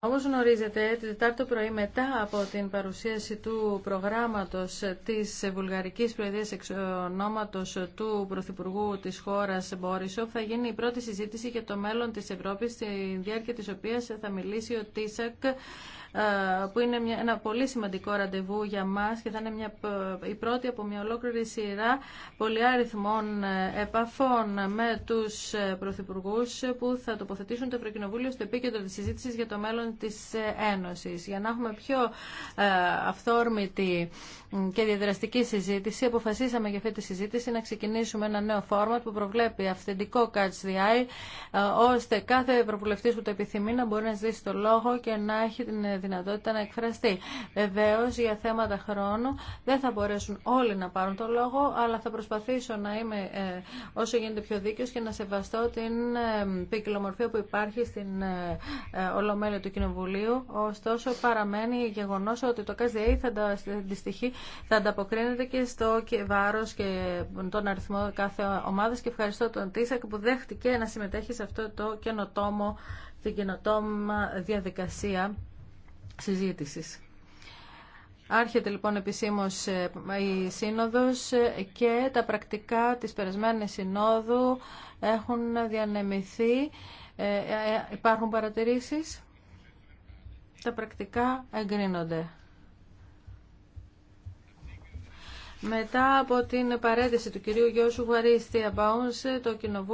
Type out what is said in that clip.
Όπως γνωρίζετε, την Τετάρτη πρωί μετά από την παρουσίαση του προγράμματος της Βουλγαρικής Προεδρίας Εξονόματος του Πρωθυπουργού της χώρας Μπόρισοφ θα γίνει η πρώτη συζήτηση για το μέλλον της Ευρώπης, στη διάρκεια της οποίας θα μιλήσει ο Τίσακ ε, που είναι μια, ένα πολύ σημαντικό ραντεβού για μας και θα είναι μια, η πρώτη από μια ολόκληρη σειρά πολυάριθμων ε, επαφών με τους ε, Πρωθυπουργού που θα τοποθετήσουν το Ευρωκοινοβούλιο στο επίκεντρο της συζήτησης για το μέλλον της Ένωσης. Για να έχουμε πιο αυθόρμητη και διαδραστική συζήτηση, αποφασίσαμε για αυτή τη συζήτηση να ξεκινήσουμε ένα νέο φόρματ που προβλέπει αυθεντικό catch the eye, ώστε κάθε ευρωβουλευτή που το επιθυμεί να μπορεί να ζήσει το λόγο και να έχει την δυνατότητα να εκφραστεί. Βεβαίω, για θέματα χρόνου δεν θα μπορέσουν όλοι να πάρουν το λόγο, αλλά θα προσπαθήσω να είμαι ε, όσο γίνεται πιο δίκαιο και να σεβαστώ την ε, ποικιλομορφία που υπάρχει στην ε, Ολομέλεια του Κοινοβουλίου. Ωστόσο, παραμένει γεγονό ότι το ΚΑΣΔΕΗ θα, θα ανταποκρίνεται και στο βάρο και τον αριθμό κάθε ομάδα. Και ευχαριστώ τον Τίσακ που δέχτηκε να συμμετέχει σε αυτό το καινοτόμο, την καινοτόμα διαδικασία συζήτηση. Άρχεται λοιπόν επισήμω ε, η Σύνοδος και τα πρακτικά της περασμένης Συνόδου έχουν διανεμηθεί. Ε, ε, υπάρχουν παρατηρήσεις. Τα πρακτικά εγκρίνονται. Μετά από την παρέτηση του κυρίου Γιώσου Βαρίστια Μπαούνσε, το κοινοβούλιο